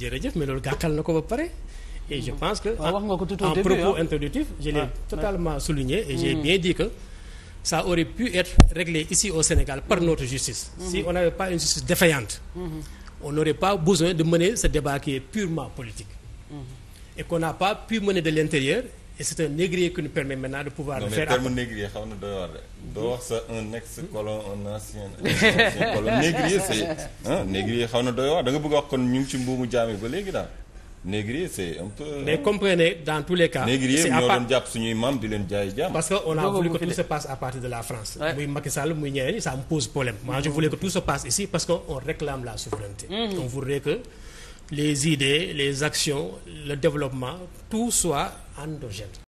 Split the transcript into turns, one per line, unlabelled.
jërëjëf mais loolu gàkkal na ko ba pare et je pense que wax nga ko tout au début en propos introductif je l'ai ah, totalement ah. souligné et j'ai mm. bien dit que ça aurait pu être réglé ici au Sénégal par notre justice mm-hmm. si on n'avait pas une justice défaillante mm-hmm. on n'aurait pas besoin de mener ce débat purement politique
mm-hmm.
et qu'on n'a pas pu mener de l'intérieur et c'est un négrier qui nous permet maintenant de pouvoir. Non, le faire non négrier xaw
na doy de. doo wax sa un ex colon un ancien négrier xaw na doy waar da nga bëgg wax kon ñu ngi ci mbuumu jaam ba léegi daal. négrier c'est un peu. mais
comprenez dans tous les cas. négrier ñoo doon
jàpp suñuy maam di leen jaay jaam. parce que on a voulu que tout se
passe à partir de la France. muy Macky Sall muy ñeneen ñi ça me pose problème. moi je voulais que tout se passe ici parce les idées les actions le développement tout soit endogène